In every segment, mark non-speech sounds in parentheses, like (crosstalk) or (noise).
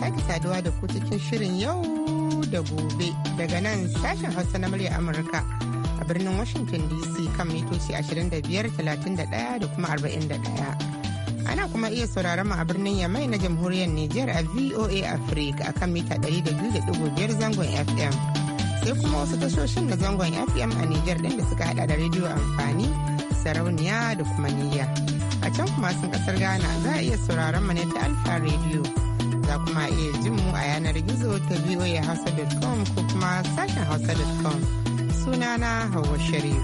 sake saduwa da ku cikin shirin yau da gobe daga nan sashen hausa na murya amurka a birnin washington dc kan mitoci 25,31 da kuma 41 ana kuma iya sauraron mu a birnin yamai na jamhuriyar Nijar a voa africa a kan mita 200.5 zangon fm sai kuma wasu tashoshin na zangon fm a Nijar ɗin da suka hada da rediyo amfani sarauniya da kuma niyya a can kuma sun kasar ghana za a iya sauraron mu ne ta alfa rediyo za kuma iya jin mu a yanar gizo ta voahausa.com ko kuma sashen hausa.com na Hauwa Sharif.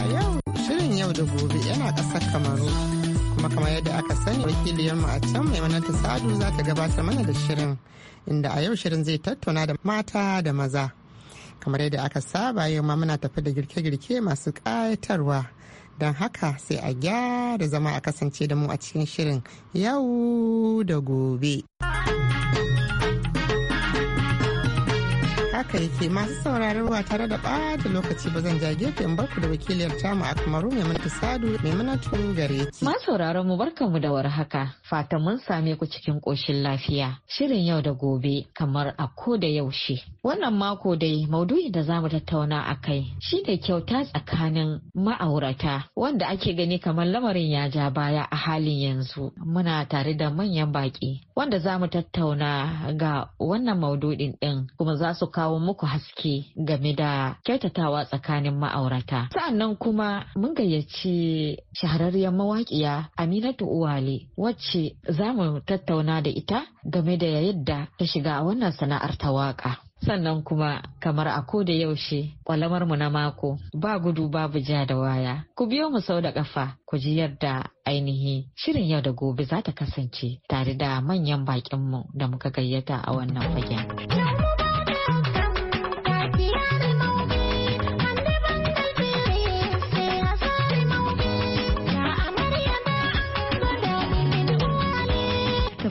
A yau shirin yau da gobe yana ƙasar Kamaru kuma kamar yadda aka sani wakiliyarmu a can mai manata sadu za ta gabatar mana da shirin inda a yau shirin zai tattauna da mata da maza. kamar yadda aka saba yau ma muna tafi da girke-girke masu ƙayatarwa don haka sai a gyara zama a kasance da mu a cikin shirin yau da gobe. haka yake masu sauraron ruwa tare da ɓata lokaci ba zan jage in barku da wakiliyar tamu a kamaru mai mana sadu mai mana tun gare ki. Ma sauraron mu barkanmu da warhaka fata mun same ku cikin koshin lafiya shirin yau da gobe kamar a ko da yaushe. Wannan mako dai maudu'i da zamu tattauna a kai shi ne kyauta tsakanin ma'aurata wanda ake gani kamar lamarin ya ja baya a halin yanzu muna tare da manyan baƙi wanda za mu tattauna ga wannan maududin ɗin kuma za su kawo muku haske game da kyautatawa tsakanin ma'aurata. Sa'annan kuma mun gayyaci shahararriyar mawaƙiya Aminatu Uwale wacce za mu tattauna da ita game da yadda ta shiga wannan sana'ar ta waƙa. sannan kuma kamar a ko da yaushe kwalamar mu na mako ba gudu babu ja da waya ku biyo mu sau da kafa ku ji yadda ainihi shirin yau da gobe za ta kasance tare da manyan bakinmu da muka gayyata a wannan fagen.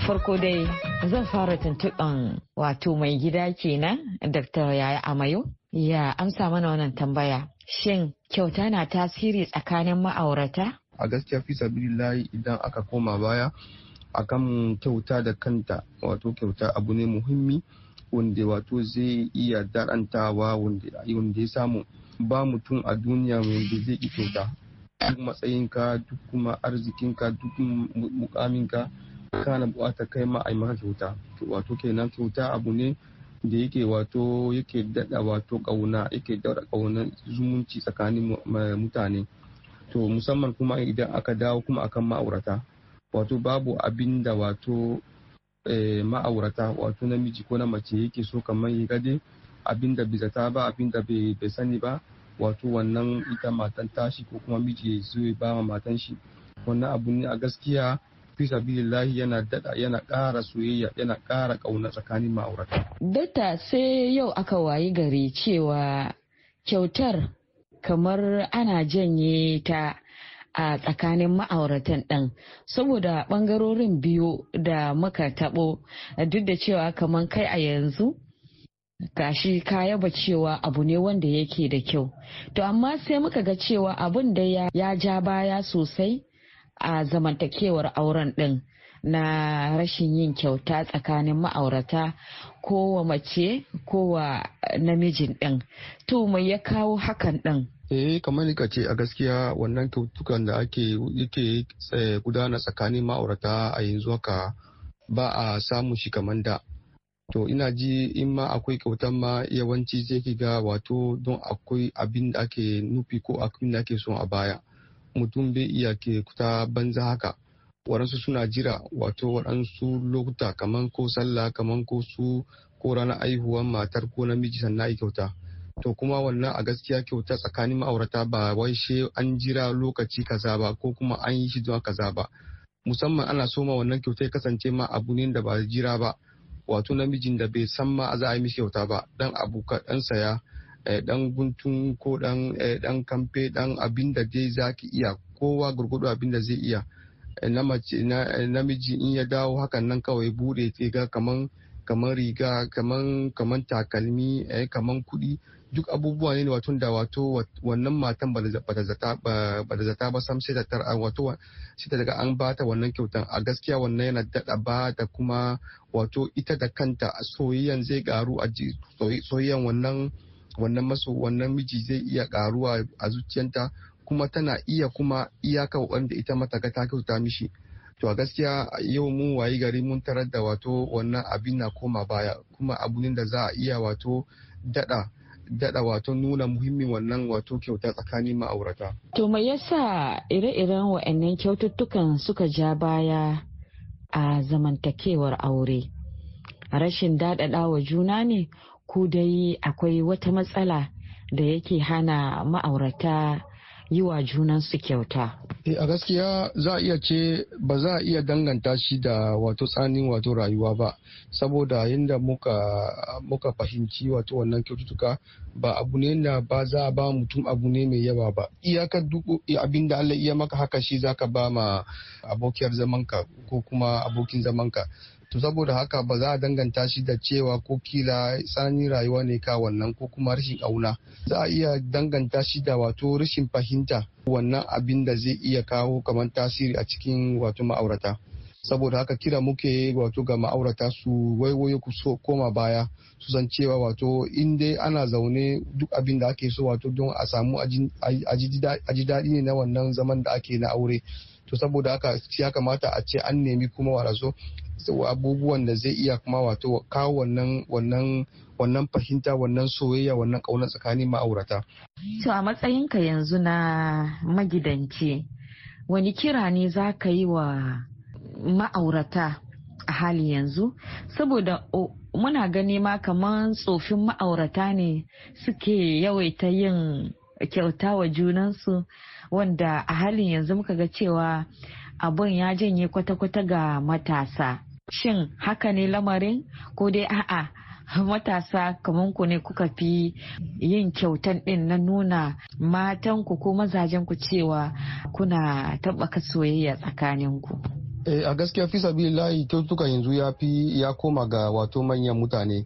farko dai zan fara tuntuɓan wato mai gida kenan Dr. Yaya Amayo ya amsa mana wannan tambaya. Shin kyauta na tasiri tsakanin ma'aurata? A gaskiya fi sabilillahi idan aka koma baya akan kyauta da kanta wato kyauta abu ne muhimmi wanda wato zai iya darantawa wanda ya samu ba mutum a duniya wanda zai yi kyauta duk matsayinka duk kuma arzikinka duk mukaminka kana buƙatar kai ma a yi kyauta wato kenan kyauta abu ne da yake wato yake daɗa wato ƙauna yake daɗa ƙaunar zumunci tsakanin eh, mutane to musamman kuma idan aka dawo kuma akan ma'aurata wato babu abin da wato eh, ma'aurata wato namiji ko na mace yake so kamar ya gade abin da bizata ba abin da bai sani ba wato wannan ita matan tashi ko kuma miji ya zo ya ba matan shi wannan abu ne a gaskiya fi sabilillahi yana dada yana ƙara soyayya yana ƙara ƙauna tsakanin ma'aurata. Data sai yau aka wayi gari cewa kyautar kamar ana janye ta a tsakanin ma'auratan ɗin saboda ɓangarorin biyu da muka taɓo duk da cewa kamar kai a yanzu gashi ka yaba cewa abu ne wanda yake da kyau to amma sai muka ga cewa abun da ya ja baya sosai a zamantakewar auren ɗin na rashin yin kyauta tsakanin ma'aurata ko kowa mace kowa namijin ɗin to mai ya kawo hakan ɗin eh kamar ni ce a gaskiya wannan kyautukan da ake yake eh, gudana tsakanin ma'aurata a yanzu haka ba a samu shi kamar da to ina ji in ma akwai kyautan ma yawanci zai ki ga wato don akwai abin da ake nufi ko abin da ake so a baya mutum bai iya ke kuta banza haka waɗansu suna jira wato waɗansu lokuta kaman ko sallah kaman ko su ko ranar aihuwar matar ko namiji sannan ai kyauta to kuma wannan a gaskiya kyauta tsakanin ma'aurata ba wai she an jira lokaci kaza ba ko kuma an yi shi zuwa kaza ba musamman ana so ma wannan kyauta kasance ma abu ne da ba jira ba wato namijin da bai san ma za a yi mishi kyauta ba dan abu ka dan saya Eh, dan guntun ko eh, dan kamfe dan abin da zai za ki iya kowa gurgudu abin da zai iya eh, namiji in ya dawo hakan nan kawai bude ga kaman kaman riga kaman kaman takalmi kaman kuɗi duk abubuwa ne wato da wato wannan matan ba da zata ba sam sai ta tar wato sai ta daga an bata wannan kyautan a gaskiya wannan yana dada ba da kuma wato ita da kanta soyayyan zai garu a soyayyan wannan wannan maso wannan miji zai iya karuwa a zuciyanta kuma tana iya kuma iyaka wanda ita mata ga ta kyauta mishi to a gaskiya yau mu wayi gari mun tarar da wato wannan abin na koma baya kuma abu da za a iya wato dada dada wato nuna muhimmin wannan wato kyauta tsakanin ma'aurata. To me yasa ire-iren wa'annan kyaututtukan suka ja baya a zamantakewar aure? Rashin daɗaɗawa juna ne ko dai akwai wata matsala da yake hana ma'aurata yi wa junansu kyauta. Eh, a gaskiya za a iya ce ba za a iya danganta shi da wato tsanin wato rayuwa ba saboda yadda muka, fahimci wato wannan kyaututtuka ba abu ne na ba za a ba mutum abu ne mai yawa ba iyakar duk eh, abin da Allah iya maka haka shi zaka ba ma abokiyar zamanka ko kuma abokin zamanka to saboda haka ba za a danganta shi da cewa ko kila tsananin rayuwa ne ka wannan ko kuma rashin auna za a iya danganta shi da wato rashin fahimta wannan abin da zai iya kawo kamar tasiri a cikin wato ma'aurata saboda haka kira muke wato ga ma'aurata su waiwayo ku so koma baya su san cewa wato in dai ana zaune duk abin da ake so wato don a samu aji daɗi ne na wannan zaman da ake na aure to saboda haka ya kamata a ce an nemi kuma warazo abubuwan da zai iya kuma wato kawo wannan fahimta wannan soyayya wannan ƙaunar tsakanin ma'aurata. To a matsayinka yanzu na magidanci wani kira ne za ka yi wa ma'aurata a hali yanzu saboda muna gani ma kamar tsofin ma'aurata ne suke yawaita yin kyauta wa junansu wanda a halin yanzu muka ga cewa abun ya janye kwata-kwata ga matasa shin haka ne lamarin ko dai a'a matasa kamar ku ne kuka fi yin kyautan din na nuna matan ku ko mazajen ku cewa kuna tabbaka soyayya tsakanin ku eh a gaskiya fi sabilillahi kyautuka yanzu ya fi ya koma ga wato manyan mutane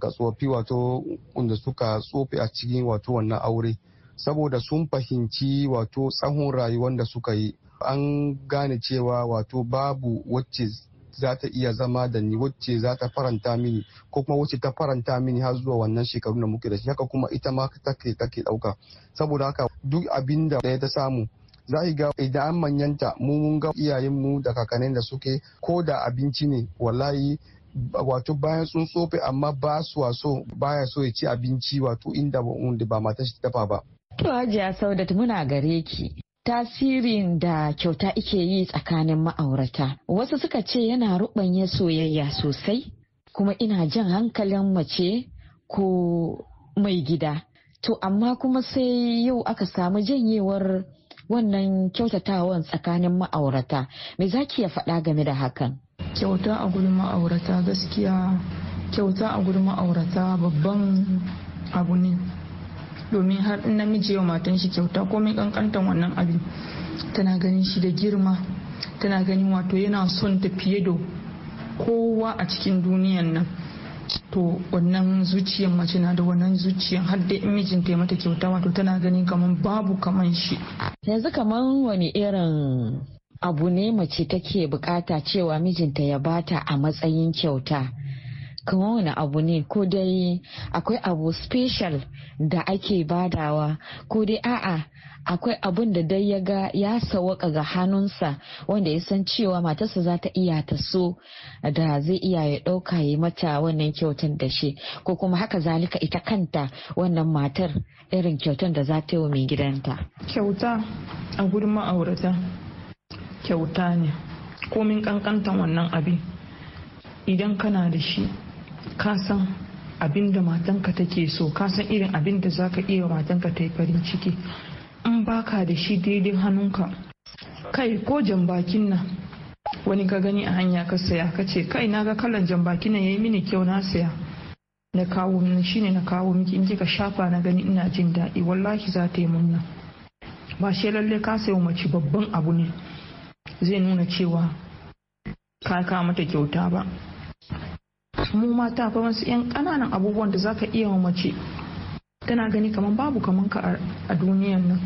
ga tsofi wato wanda suka tsofe a cikin wato wannan aure saboda sun fahimci wato tsahon rayuwar da suka yi an gane cewa wato babu wacce za ta iya zama da ni wacce za ta faranta mini ko kuma wacce ta faranta mini har zuwa wannan shekaru da muke da shi haka kuma ita ma take take dauka saboda haka duk abin da ta samu za ga idan an manyanta mu mun ga iyayenmu da kakannin da suke ko da abinci ne wallahi wato bayan sun tsofe amma ba su so baya so ya ci abinci wato inda ba matashi ta dafa ba. To Hajiya Saudat muna gare ki tasirin da kyauta ike yi tsakanin ma'aurata wasu suka ce yana ruɓanya soyayya sosai kuma ina jan hankalin mace ko mai gida to amma kuma sai yau aka samu janyewar wannan kyautatawan tsakanin ma'aurata me za ki ya faɗa game da hakan kyauta a gudun ma'aurata gaskiya kyauta a gudun ma'aurata babban abu ne domin har in namiji yau matan shi kyauta komai kankantan wannan abin tana ganin shi da girma tana ganin wato yana son ta fiye da kowa a cikin duniyan nan to wannan zuciyan mace na da wannan zuciyan har da mijinta ya mata kyauta wato tana ganin kaman babu kaman shi yanzu kaman wani irin abu ne mace take bukata cewa mijinta ya bata a matsayin kyauta kamar wani abu ne ko dai akwai abu special da ake badawa ko dai a'a akwai abun da dai ya ga ya sawaka ga hannunsa wanda ya san cewa matarsa za ta iya ta so da zai iya ya ɗauka ya mata wannan kyautar da shi ko kuma haka zalika ita kanta wannan matar irin kyautar da za ta yi wa mai gidanta. kyauta a gurin ma'aurata kyauta ne komin kankantan wannan abin idan kana da shi kasan san abin da matanka take so kasan irin abin da zaka iya matanka ta yi farin ciki in baka da shi daidai hannunka kai ko jambakin nan wani ka gani a hanya ka saya ka ce kai na ga kalan jambakin nan yayi mini kyau na saya na kawo mini shine na kawo miki in kika shafa na gani ina jin daɗi wallahi za ta yi munna ba shi lalle ka sayo mace babban abu ne zai nuna cewa ka kawo mata kyauta ba mu mata akwai wasu 'yan kananan abubuwan da zaka iya wa mace tana gani kamar babu kaman ka a duniyan nan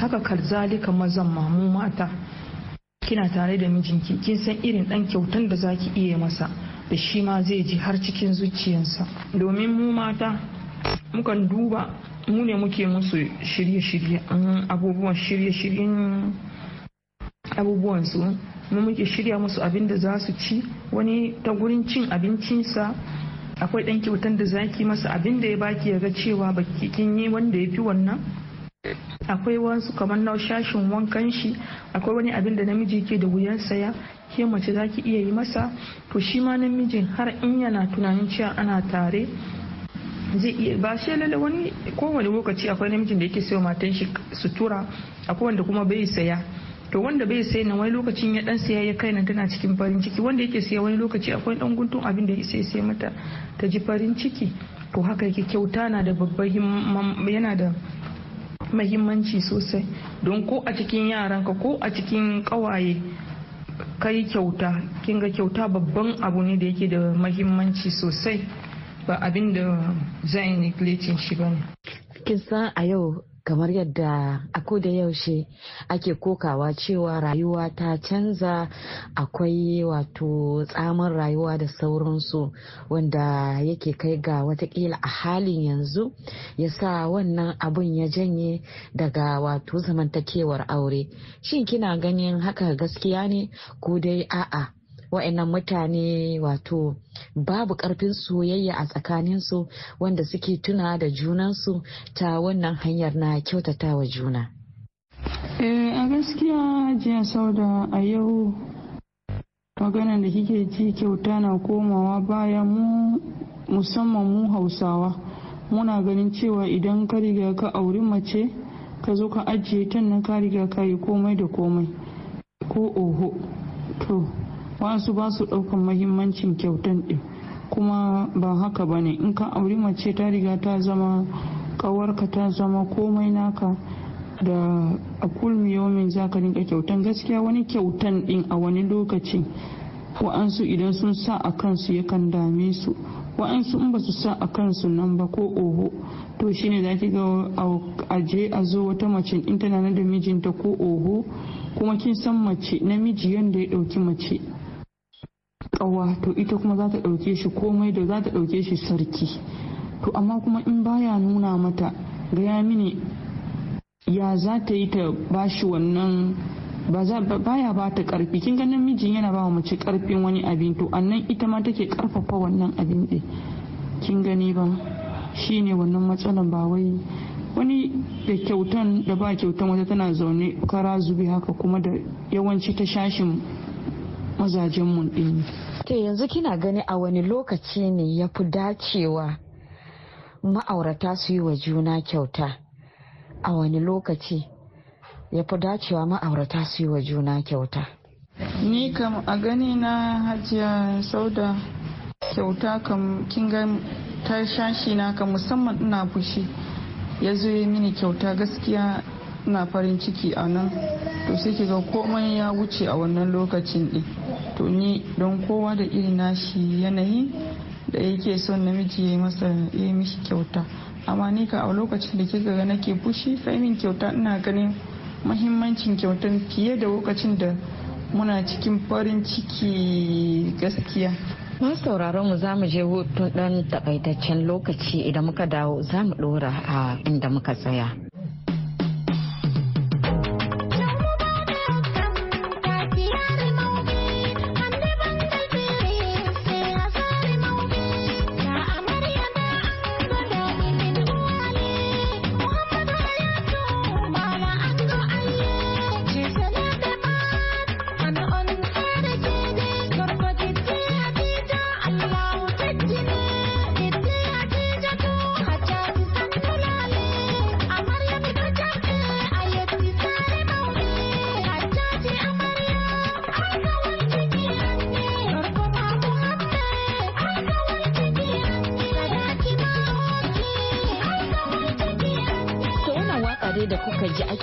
haka kalzalika mazan mu mata kina tare da mijinki kin san irin dan kyautan da zaki iya masa da shi ma zai ji har cikin zuciyarsa domin mu mata mukan duba mu ne muke musu shirye-shirye mm, abubuwan shirye-shiryen abubuwan su mu muke shirya musu abin da za su ci wani ta gurin cin abincinsa akwai ɗan kyautan da zaki masa abin da ya baki ya ga cewa baki kin yi wanda ya fi wannan akwai wasu kamar na shashin wankan shi akwai wani abin da namiji ke da wuyan saya ke mace za ki iya yi masa to shi ma namijin har in yana tunanin cewa ana tare zai iya ba shi lalle wani kowane lokaci akwai namijin da yake sayo matan shi sutura akwai wanda kuma bai saya to wanda bai sai na wani lokacin ya dan siya ya kai na tana cikin farin ciki wanda yake siya wani lokaci akwai dan guntun abin da sai sai mata ta ji farin ciki to haka yake kyauta na da babban yana da mahimmanci sosai don ko a cikin yaranka ko a cikin kawaye kai kyauta kin ga kyauta babban abu ne da yake da mahimmanci sosai ba abin da zan neglecting shi bane kin san a yau kamar yadda a da yaushe ake kokawa cewa rayuwa ta canza akwai wato tsamin rayuwa da sauransu wanda yake kai ga watakila a halin yanzu ya sa wannan abun ya janye daga wato zamantakewar aure shin kina ganin haka gaskiya ne ko dai a'a wa'annan mutane wato babu karfin soyayya a tsakaninsu wanda suke tuna da junan su ta wannan hanyar na kyautatawa juna. Eh, a gaskiya jiya sauda a yau maganar da kike ji kyauta na komawa bayan mu musamman mu hausawa muna ganin cewa idan ka riga ka auri mace ka zo ka ajiye ta nan ka riga ka yi komai da komai ko oho to wasu ba su ɗaukan mahimmancin kyautan ɗin kuma ba haka bane in ka auri mace ta riga ta zama ƙawarka ta zama komai naka da a kulmiyomin za ka rinka kyautan gaskiya wani kyautan ɗin a wani lokaci wa'ansu idan sun sa a kansu yakan dame su wa'ansu in ba su sa a kansu nan ba ko oho to shine za ki ga aje a zo wata mace in tana na da mijinta ko oho kuma kin san mace namiji yadda ya ɗauki mace kawa to ita kuma za ta ɗauke shi komai da za ta ɗauke shi sarki to amma kuma in baya nuna mata gaya mini ya za ta yi ta bashi wannan baya ba ta ƙarfi kin ganin mijin yana ba mace ƙarfin wani abin to annan ita ma take ƙarfafa wannan abin din kin gani ba shi ne wannan matsalan ba wai wani da kyautan da ba kyautan wata tana zaune kara zubi haka kuma da yawanci ta shashin mazajen mu ɗin. To yanzu kina gani a wani lokaci ne ya fi dacewa ma'aurata su yi wa juna kyauta a wani lokaci ya fi dacewa ma'aurata su yi wa juna kyauta. Ni kam a gani na hajiya sauda kyauta kam kin ga ta shashi na ka musamman ina fushi ya zo mini kyauta gaskiya ina farin ciki a nan to sai ki ga komai ya wuce a wannan lokacin din to ni don kowa da iri nashi yanayi da yake son namiji ya yi masa ya mishi kyauta amma ni ka a lokacin da kika ga nake fushi kai min kyauta ina ganin mahimmancin kyauta fiye da lokacin da muna cikin farin ciki gaskiya masu sauraron mu za mu je hutun dan takaitaccen lokaci idan muka dawo za mu dora a inda muka tsaya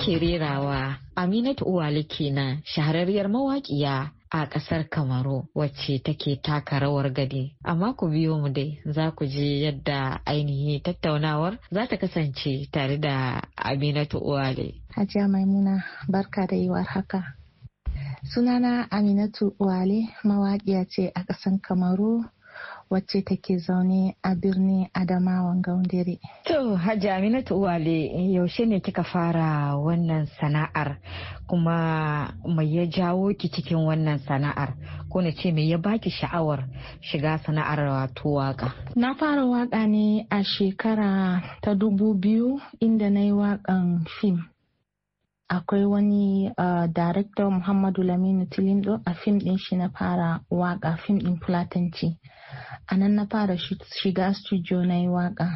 ake rerawa Aminatu Uwale kenan shahararriyar mawaƙiya a ƙasar Kamaru wacce take taka rawar gadi. Amma ku biyo mu dai za ku ji yadda ainihi tattaunawar za ta kasance tare da Aminatu Uwale. Hajiya Maimuna barka da yiwuwar haka. Sunana Aminatu Uwale mawaƙiya ce a ƙasar Kamaru wacce take zaune a birnin Adamawan Gaundere. To Hajji Aminatu Uwale yaushe ne kika fara wannan sana'ar kuma mai ya jawo ki cikin wannan sana'ar ko na ce mai ya baki sha'awar shiga sana'ar wato waka? Na fara waka ne a shekara ta dubu biyu inda na yi wakan fim. akwai wani uh, director Muhammadu lamini Tilindo a fim din shi na fara waka fim din Fulatanci. a nan na fara shiga studio na yi waka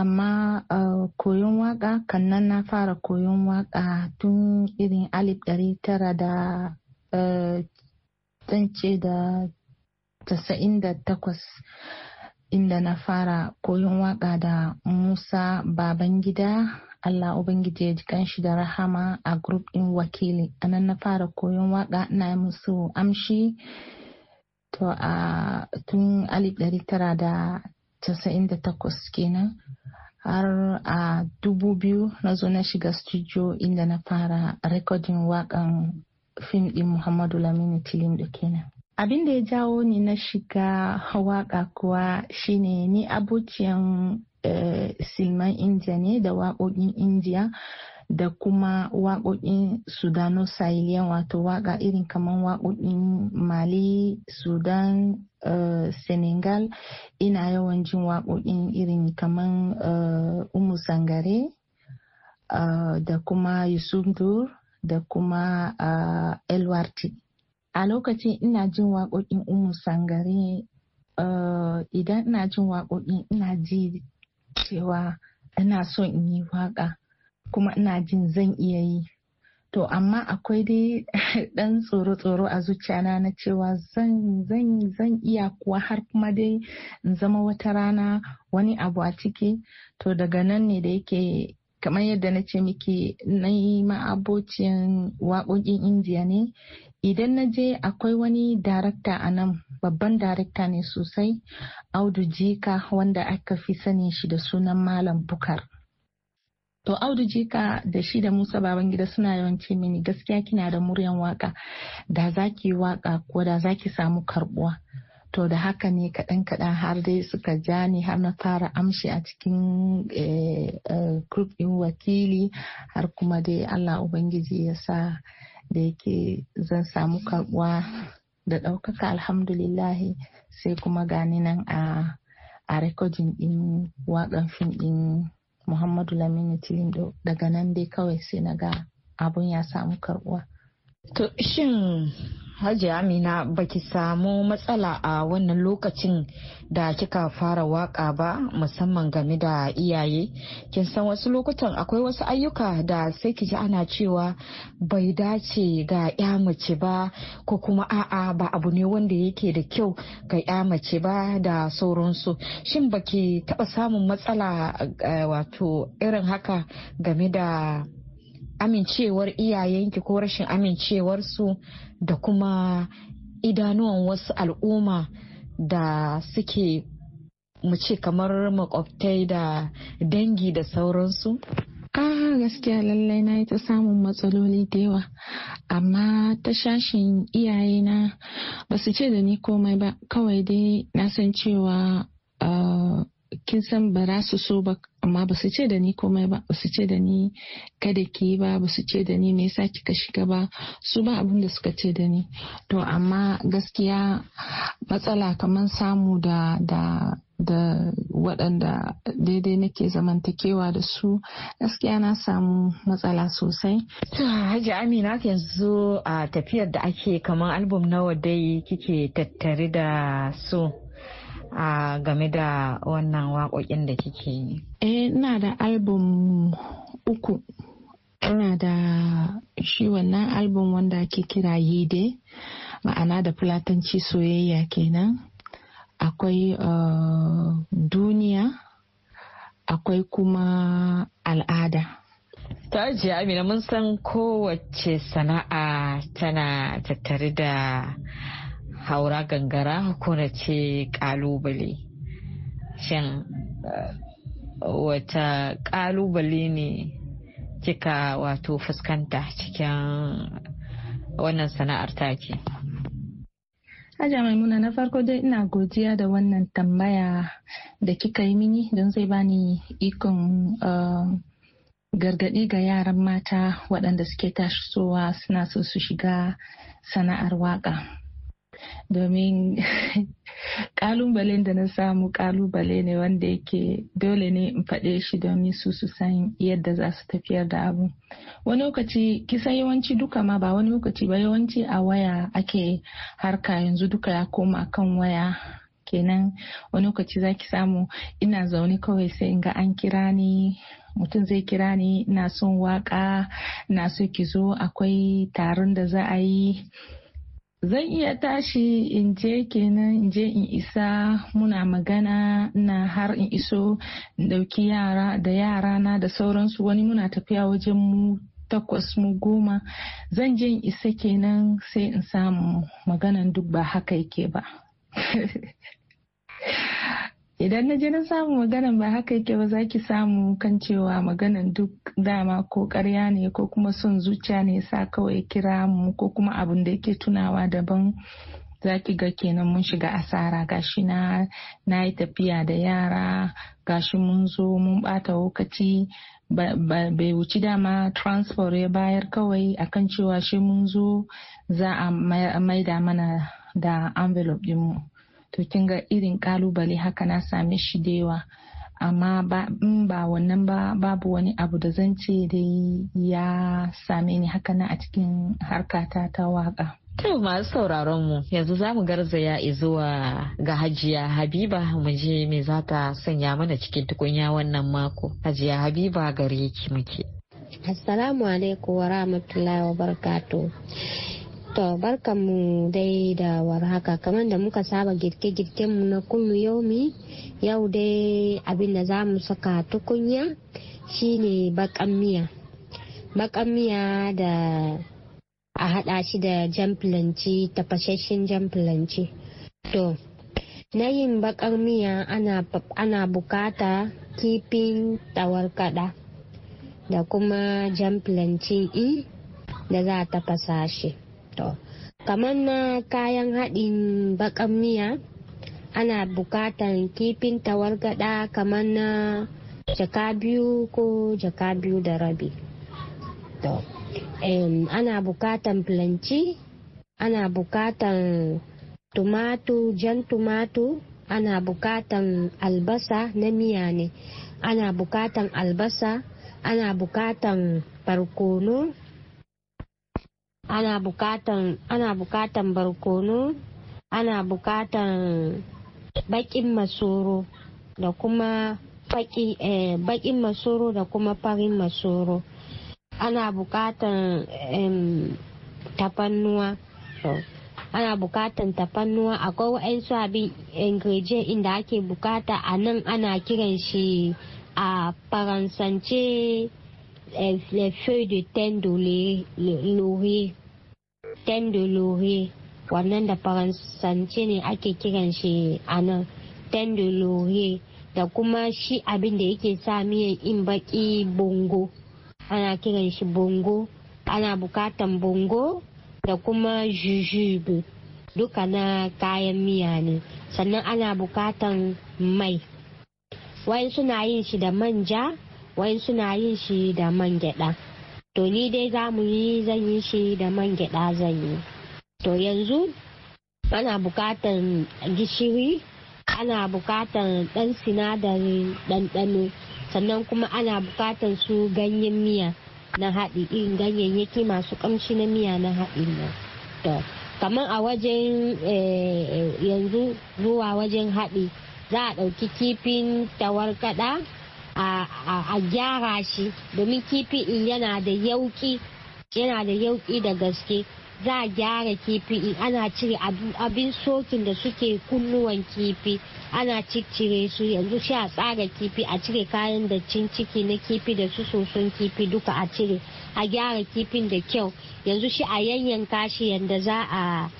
amma eh, koyon waka kannan na fara koyon waka tun irin alif ɗari tara da eh, zance da tasa'in da takwas inda na fara koyon waka da musa babangida Allah Ubangiji ya ji kanshi da rahama a group ɗin wakili anan na fara koyon waka na musu amshi to a tun takwas kenan har a dubu biyu na zo na shiga studio inda na fara rikodin waƙan fim ɗin muhammadu lamini tilim da kenan abin da ya jawo ni na shiga waƙa kuwa shine ni abuciyan eh, silman indiya ne da waƙoƙin indiya da kuma waƙoƙin sudano sahiliyan wato waƙa irin kamar waƙoƙin mali sudan eh, senegal ina yawan jin waƙoƙin irin kamar uh, eh, umu sangare eh, da kuma yusuf da kuma uh, a lokacin ina jin waƙoƙin umu sangare idan ina jin waƙoƙin ina ji cewa ina son in yi waƙa kuma ina jin zan iya yi to amma akwai dai (laughs) ɗan tsoro-tsoro a zuciyana na cewa zan zan zan iya kuwa har kuma dai in zama wata rana wani abu a ciki to daga nan ne da yake kamar yadda na ce miki na yi ma'abocin waƙoƙin indiya ne idan na je akwai wani darakta a nan babban darakta ne sosai audu jika wanda aka fi sanin shi da sunan malam bukar To Audu Jika da shi da Musa Babangida suna yawan mini gaskiya kina da muryan waka da zaki waka ko da zaki samu karbuwa. To da haka ne kaɗan kaɗan har dai suka ja ni har na fara amshi a cikin eh, eh, group ɗin wakili har kuma dai Allah Ubangiji ya sa da yake zan samu karbuwa da ɗaukaka alhamdulillahi sai kuma gani nan a rikodin ɗin waƙan fim ɗin muhammadu lamini tilindo daga nan dai kawai sai na ga abun ya samu karbuwa To shin Hajji Amina baki samu matsala a wannan lokacin da kika fara waka ba musamman game da iyaye. Kin san wasu lokutan akwai wasu ayyuka da sai ki ji ana cewa bai dace ga ya mace ba ko kuma a'a ba abu ne wanda yake da kyau ga ya mace ba da sauransu. Shin baki taba samun matsala eh, wato irin haka game da amincewar iyayenki ko rashin amincewarsu da kuma idanuwan wasu al'umma da suke mu ce kamar makwabtai da dangi da sauransu? Ah gaskiya lallai na yi ta samun matsaloli da yawa amma ta shashin iyayena ba su ce da ni komai ba kawai dai na san cewa ah, kin san ba za su so ba amma ba su ce da ni komai ba ba su ce da ni kada ki ba ba su ce da ni me yasa kika shiga ba su ba abin da suka ce da ni to amma gaskiya matsala kamar samu da da da waɗanda daidai nake zamantakewa da su gaskiya na samu matsala sosai. Hajji Amina yanzu a tafiyar da ake kamar album nawa dai kike tattare da su. a game da wannan waƙoƙin da kike yi? Eh, ina da album uku. Ina da shi wannan album wanda ake kira Yide, ma'ana da fulatanci soyayya kenan. Akwai eh, duniya, akwai kuma al'ada. Ta Amina mun san kowace sana'a tana tattare da haura gangara ko na ce kalubale shin eh, wata kalubale ne kika wato fuskanta cikin wannan sana'ar take mai Maimuna na farko dai ina godiya da wannan tambaya da kika yi mini don zai bani ikon eh, gargaɗi ga yaran mata waɗanda suke tasowa suna so su shiga sana'ar waƙa. domin (laughs) kalubalen da na samu kalubale ne wanda yake dole ne in faɗe shi domin su su san yadda za su tafiyar da abu wani lokaci kisa yawanci duka ma ba wani lokaci ba yawanci a waya ake harka yanzu duka ya koma kan waya kenan wani lokaci za ki samu ina zaune kawai sai in ga an kira ni mutum zai kira ni ina son waka ina so ki zo akwai taron da za a yi zan iya tashi in je kenan in je in isa muna magana na har in iso in ɗauki yara da yara na da sauransu wani muna tafiya wajen mu takwas mu goma zan je in isa kenan sai in samu maganan duk ba haka yake ba (laughs) idan na je na samu maganan ba haka yake ba za ki samu kan cewa maganan duk dama ko karya ne ko kuma son zuciya ne sa kawai kira mu ko kuma abin da yake tunawa daban za ki ga kenan mun shiga asara gashi na na yi tafiya da yara gashi mun zo mun bata lokaci bai wuci dama transport ya bayar kawai akan cewa shi mun zo za a maida mana da envelope dinmu to kin ga irin kalubale haka na same shi da yawa amma in ba wannan ba babu wani abu da zan ce dai ya same ni haka na a cikin harkata ta waka. To masu sauraron mu yanzu za mu garzaya zuwa ga Hajiya Habiba mu je me za ta sanya mana cikin tukunya wannan mako. Hajiya Habiba gare ki muke. Assalamu alaikum wa rahmatullahi wa barakatuh. To mu dai da warhaka kamar da muka saba girke mu na kullu yaumi yau dai abin da za mu saka tukunya shine bakan miya. Bakan miya da a haɗa shi da jamfilanci tafashashen jamfilanci. To, na yin bakan miya ana, ana bukata kifin tawar kada da kuma jamfilancin i da za a tafasa shi. To, kamar na kayan haɗin bakan miya, ana bukatan kifin tawargada kamar na jaka biyu ko jaka biyu da rabi. To, ana bukatan planci, ana bukatan tumatu, jan tumatu, ana bukatan albasa na miya ne, ana bukatan albasa, ana bukatan barkono. ana bukatan ana bukatan barkono ana bukatan bakin masoro da kuma eh, bakin masoro da kuma farin masoro ana bukatan tafannuwa ana bukatan tafannuwa akwai wa'ansu abin ingredient inda ake bukata a nan ana kiran shi a faransance eh, le feu de tendo laurier tendolore wannan da faransance ne ake kiran shi a nan tendolore da kuma shi abin da yake sa miyan in baki bongo ana kiran shi bongo ana bukatan bongo da kuma jujube duka na kayan miya ne sannan ana bukatan mai wai suna yin shi da manja wai suna yin shi da man gyada to ni dai za mu yi zan yi shi da man gyaɗa zan yi to yanzu ana buƙatar gishiri ana buƙatar ɗan sinadarin ɗanɗano sannan kuma ana buƙatar su ganyen miya na haɗi irin ganyayyaki masu ƙamshi na miya na haɗi nan to kamar a wajen eh, yanzu zuwa wajen haɗi za a ɗauki kifin tawar tawarkaɗa a gyara shi domin kifi in yana da yauki yana da yauki da gaske za a gyara kifi in ana cire abin sokin da suke kunnuwan kifi ana ciccire su yanzu shi a tsara kifi a cire kayan da ciki na kifi da su soson kifi duka a cire a gyara kifin da kyau yanzu shi a yanyanka shi yadda za a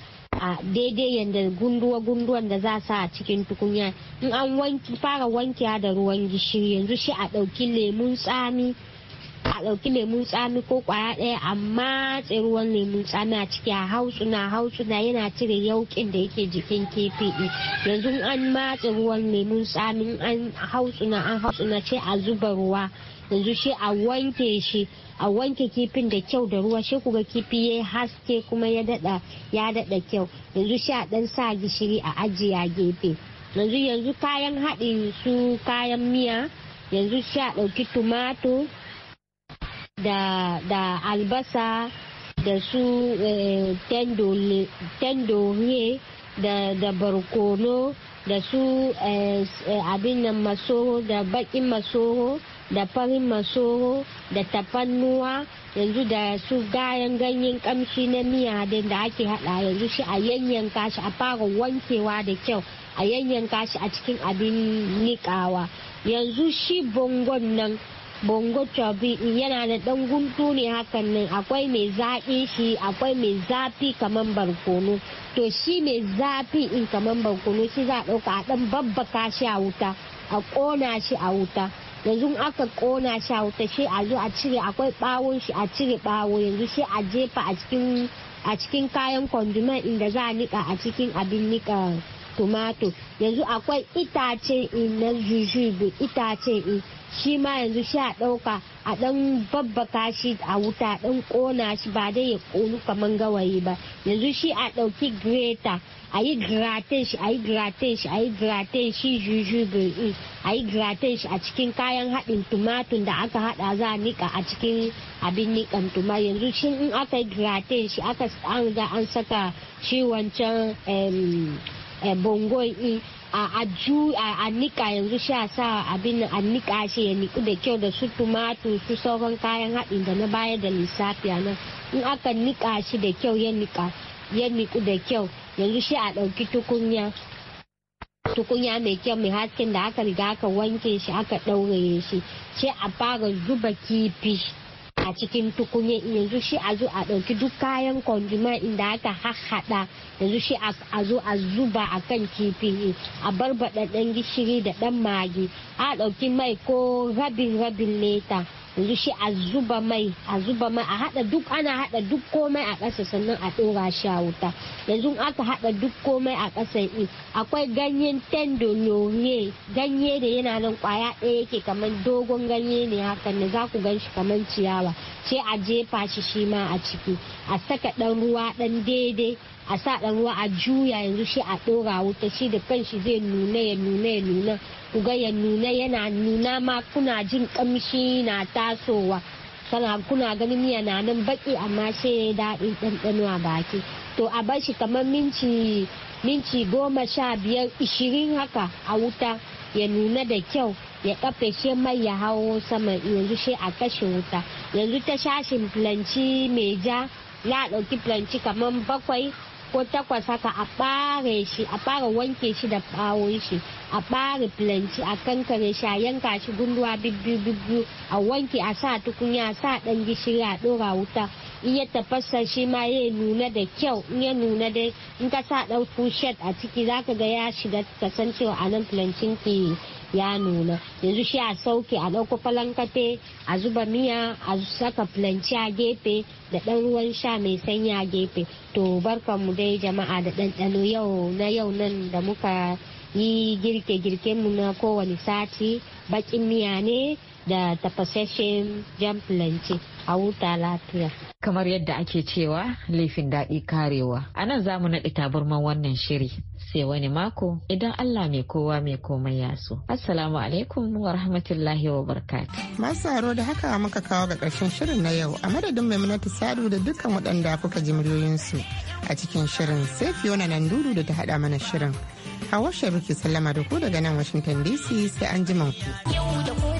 a daidai yadda gunduwa gunduwan da za sa a cikin tukunya in an wanki fara wankiya da ruwan gishiri yanzu shi a ɗauki lemun tsami a ɗauki lemun tsami ko kwaya ɗaya a matse ruwan lemun tsami a ciki a hautsuna hautsuna yana cire yaukin da yake jikin kifi yanzu an matse ruwan lemun tsami an hautsuna an na ce a zuba ruwa yanzu shi a wanke shi a wanke kifin da kyau da ruwa shi kuga kifi ya haske kuma ya dada ya dada kyau yanzu shi a dan sa gishiri a ajiye a gefe yanzu yanzu kayan haɗi su kayan miya yanzu shi a ɗauki tumato da, da albasa da su eh, da, barkono da su eh, eh, abin nan maso da bakin masoro da farin masoro da tafannuwa yanzu da su gayan ganyen kamshi na miya da ake hada yanzu shi a yanyanka kashi a fara wankewa da kyau a yanyanka kashi a cikin abin nikawa yanzu shi bongon nan bongo chobi yana da dan guntu ne hakan nan akwai mai zaƙi shi akwai mai zafi kamar barkono to shi mai zafi in kamar barkono shi za a ɗauka a ɗan babbaka shi a wuta a ƙona shi a wuta yanzu aka kona shi a wuta shi a zo a cire akwai bawon shi a cire bawo yanzu shi a jefa a cikin kayan kwanduman inda za a nika a cikin abin nika tomato yanzu akwai itace in na jujube itace in shi ma yanzu shi a ɗauka a ɗan babbaka shi a wuta dan ƙona shi ba dai ya ƙonu kamar gawayi ba yanzu shi a ɗauki greta a yi gratin shi a yi gratin shi a yi gratin shi jujube a yi gratin shi a cikin kayan haɗin tumatun da aka haɗa za a nika a cikin abin nikan tuma yanzu shi in aka yi gratin shi aka an ga an saka shi wancan in a a nika yanzu sha sa abin a nika shi ya niku da kyau da su tumatu su sauran kayan haɗin da na baya da lissafi nan in aka nika shi da kyau ya nika ya niku da kyau yanzu shi a ɗauki tukunya tukunya mai kyau mai hasken da aka riga aka wanke shi aka ɗauraye shi sai a fara zuba kifi a cikin tukunya yanzu shi a zo a ɗauki duk kayan kwanjuma inda aka haɗa yanzu shi a zo a zuba a kan kifi a barbaɗa ɗan gishiri da ɗan magi a ɗauki mai ko rabin rabin leta yanzu shi a zuba mai a zuba mai a hada duk ana hada duk komai a ƙasa sannan a dora shi a wuta yanzu aka hada duk komai a ƙasa eh, akwai ganyen tendo ganye da yana nan kwaya ɗaya yake kamar dogon ganye ne hakan ne za ku gan shi kamar ciyawa sai a jefa shi shi ma a ciki a saka ɗan ruwa ɗan daidai a sa ɗan ruwa a juya yanzu shi a dora wuta shi da kanshi zai nuna ya nuna ya nuna ga ya nuna yana nuna ma kuna jin kamshi na tasowa sana kuna ganin miya na nan baki amma sai ya daɗi ɗanɗano a baki to a bashi kamar minci minci goma sha biyar ishirin haka a wuta ya nuna da kyau ya ƙafe shi mai ya hawo sama yanzu shi a kashe wuta yanzu ta shashin filanci mai ja na ɗauki filanci kamar bakwai ko takwas haka a ɓare shi a ɓare wanke shi da ɓawon shi a ɓare filanci a kankare shi a yanka shi gunduwa bibbiyu a wanke a sa tukunya a sa ɗan gishiri a ɗora wuta in ya tafasa shi ma ya nuna da kyau in ya nuna dai in ka sa ɗan fushet a ciki za ka ga ya shiga kasancewa a nan filancin ke ya nuna yanzu shi a sauke a ɗauko falankate a zuba miya a saka filanci a gefe da ɗan ruwan sha mai sanya a gefe to barkan mu dai jama'a da ɗanɗano yau na yau nan da muka yi girke-girke mu na kowane sati bakin miya ne da tafasasshen jan filanci a wuta lafiya. kamar yadda ake cewa laifin daɗi karewa a nan za mu naɗi taburman wannan shiri sai wani mako idan allah mai kowa mai komai ya so assalamu alaikum wa rahmatullahi wa barkati masu haro da haka muka kawo ga ƙarshen shirin na yau a madadin maimunatu sadu da dukkan waɗanda kuka ji muryoyinsu a cikin shirin sai fiona nan dudu da ta haɗa mana shirin hawa shabi sallama da ku daga nan washington dc sai an ji ku.